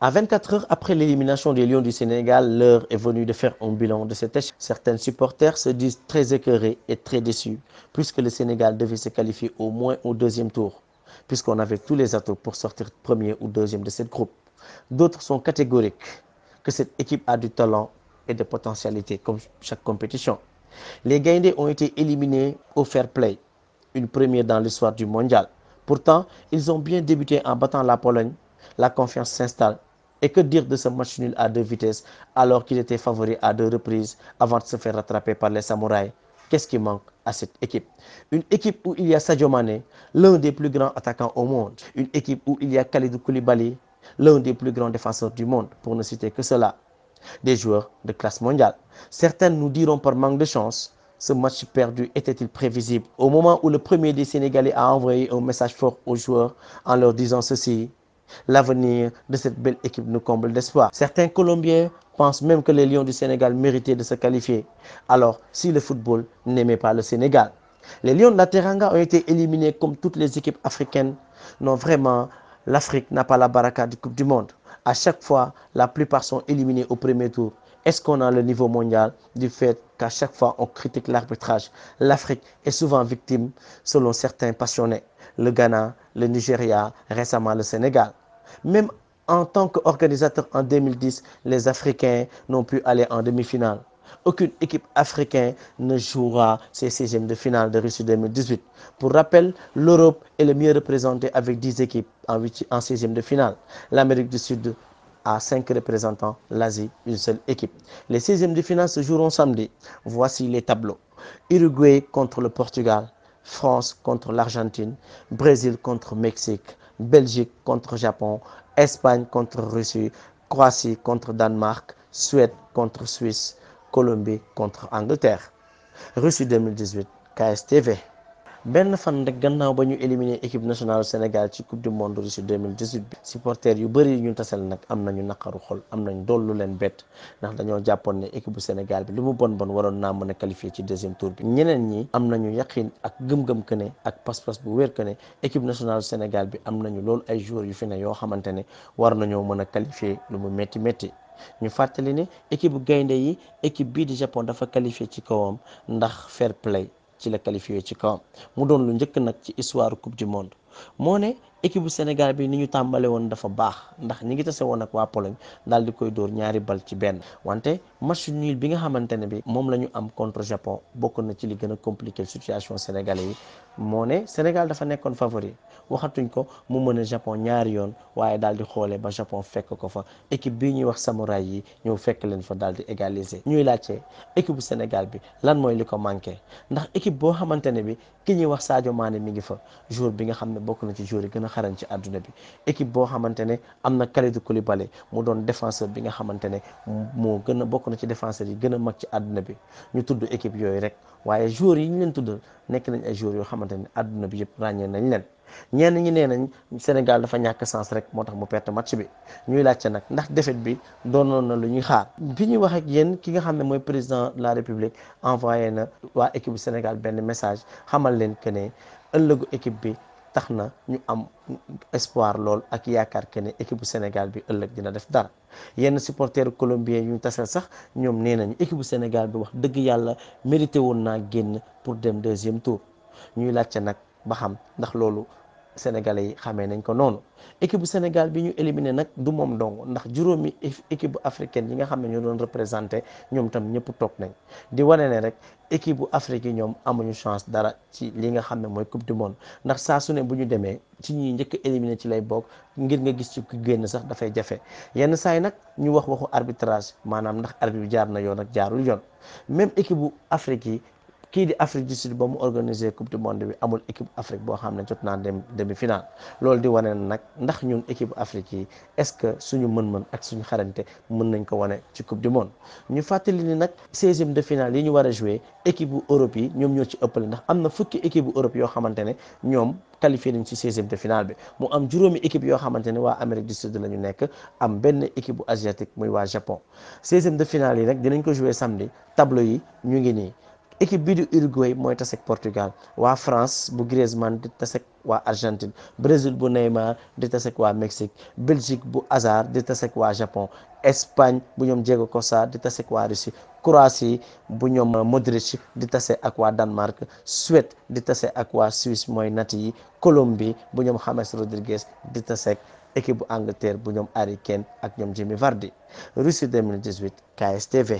À 24 heures après l'élimination des Lions du Sénégal, l'heure est venue de faire un bilan de cet échec. Certains supporters se disent le Sénégal devait se qualifier au moins au deuxième tour, puisqu'on que cette équipe a du talent et compétition. Les Gaindés ont été éliminés au fair play, dans l'histoire du mondial. Pourtant, ils ont bien débuté en battant la Pologne. La confiance s'installe Et que dire de ce match nul à deux vitesses alors qu'il était favori à deux reprises avant de se faire rattraper par les samouraïs Qu'est-ce qui manque à cette équipe Une équipe où il y a Sadio l'un des plus grands attaquants au monde. Une équipe où il y a Khalidou Koulibaly, l'un des plus grands défenseurs du monde, pour ne citer que cela. Des joueurs de classe mondiale. Certains nous diront par manque de chance, ce match perdu était-il prévisible Au le premier des Sénégalais a envoyé un message fort aux joueurs en L'avenir de cette belle équipe nous comble d'espoir. Certains Colombiens pensent même que les Lions du Sénégal méritaient de se qualifier. Alors, si le football n'aimait pas le Sénégal. Les Lions de la Teranga ont été éliminés comme toutes les équipes africaines. Non, vraiment, l'Afrique n'a pas la baraka de Coupe du Monde. À chaque fois, la plupart sont éliminés au premier tour. Est-ce qu'on a le niveau mondial du fait qu'à chaque fois on critique l'arbitrage L'Afrique est souvent victime, selon certains passionnés. le Ghana, le Nigeria, récemment le Sénégal. Même en tant qu'organisateur en 2010, les Africains n'ont pu aller en demi-finale. Aucune équipe africaine ne jouera ces sixièmes de finale de Russie 2018. Pour rappel, l'Europe est le mieux avec 10 équipes en, en sixième de finale. L'Amérique du Sud à 5 représentants, l'Asie, une seule Les 16e de finale se joueront samedi. Voici les tableaux. Uruguay contre France contre l'Argentine, Brésil contre Mexique, Belgique contre Japon, Espagne contre Russie, Croatie contre Danemark, Suède contre Suisse, Colombie contre Angleterre. Russie 2018, KSTV. benn fan rek gannaaw ba ñu éliminer équipe nationale Sénégal ci coupe du monde Russie 2018 bi yu bëri ñu tasel nag am nañu naqaru xol am nañ dollu leen bett ndax dañoo jàppoon ne équipe bu Sénégal bi lu mu bon bon waroon naa mën a qualifié ci deuxième tour bi ñeneen ñi am nañu yaqin ak gëm-gëm que ak pas-pas bu wér que ne équipe nationale Sénégal bi am nañu lool ay joueurs yu fi ne yoo xamante ne war nañoo mën a qualifié lu mu métti métti ñu fàttali ne équipe gaynde yi équipe bii di Japon dafa qualifié ci kawam ndax fair play ci la qualifié ci kawam mu doon lu njëkk nag ci histoire coupe du monde moo ne équipe bu Sénégal bi ni ñu tàmbale woon dafa baax ndax ñi ngi tase woon ak waa Pologne daal di koy dóor ñaari bal ci benn wante match nul bi nga xamante ne bi moom lañu am contre Japon bokk na ci li gën a compliqué situation sénégalais yi moo ne Sénégal dafa nekkoon favori waxatuñ ko mu mën a Japon ñaari yoon waaye dal di xoolee ba Japon fekk ko fa équipe bii ñuy wax samouraay yi ñëw fekk leen fa daal di égaliser ñuy laajte équipe bu Sénégal bi lan mooy li ko manqué ndax équipe boo xamante ne bi ki ñuy wax Sadio Mané mi ngi fa bokk na ci joueur yi gën a xarañ ci àdduna bi équipe boo xamante ne am na Kalidou Koulibaly mu doon défenseur bi nga xamante ne moo gën a bokk na ci défenseur yi gën a mag ci àdduna bi ñu tudd équipe yooyu rek waaye joueurs yi ñu leen tuddal nekk nañ ay joueurs yoo xamante ne àdduna bi yëpp ràññee nañ leen ñenn ñi nee nañ Sénégal dafa ñàkk sens rek moo tax mu perte match bi ñuy laajte nag ndax défaite bi doonoon na lu ñuy xaar bi ñuy wax yéen ki nga xam ne mooy président la République envoyé na waa équipe Sénégal benn message xamal leen que ne ëllëgu équipe bi tax na ñu am espoir lool ak yaakaar que ne équipe bu Sénégal bi ëllëg dina def dara yenn supporteru colombien yu ñu taseel sax ñoom nee nañu équipe bu Sénégal bi wax dëgg yàlla mérité woon naa génn pour dem deuxième tour ñuy laajte nag ba xam ndax loolu sénégalais yi xamee nañ ko noonu équipe bu Sénégal bi ñu éliminé nag du moom dong ndax juróomi équipe bu africaine yi nga xam ne ñoo doon représenté ñoom tam ñëpp toog nañ di wane ne rek équipe bu Afrique yi ñoom amuñu chance dara ci li nga xam ne mooy coupe du monde ndax saa su ne bu ñu demee ci ñuy njëkk éliminé ci lay bokk ngir nga gis ci ku génn sax dafay jafe yenn saa yi nag ñu wax waxu arbitrage maanaam ndax arbitre bi jaar na yoon ak jaarul yoon même équipe kii di Afrique du Sud ba mu organiser coupe du monde bi amul équipe Afrique boo xam ne jot naa dem demi final loolu di wane nag ndax ñun équipe Afrique yi est-ce que suñu mën-mën ak suñu xarante mën nañ ko wane ci coupe du monde ñu fàttali ni nag seizième de finale yi ñu war a jouer équipe bu Europe yi ñoom ñoo ci ëppale ndax am na fukki équipe bu Europe yoo xamante ne ñoom qualifié nañ ci seizième de finale bi mu am juróomi équipe yoo xamante ne waa Amérique du Sud la nekk am benn équipe bu asiatique waa Japon seizième de yi nag dinañ ko jouer samedi tableau yi ñu ngi nii équipe bii di Uruguay mooy tasek Portugal waa France bu Griezmann di tasek waa Argentine Brésil bu Neymar di tasek waa Mexique Belgique bu Hazard di tasek waa Japon Espagne bu ñoom Diego kosa di tasek waa Russie Croatie bu ñoom Modric di tase ak waa Danemark Suède di tase ak waa Suisse mooy nat yi Colombie bu ñoom James Rodriguez di tasek équipe bu Angleterre bu ñoom Harry ak ñoom Jamie Vardy Russie 2018 KSTV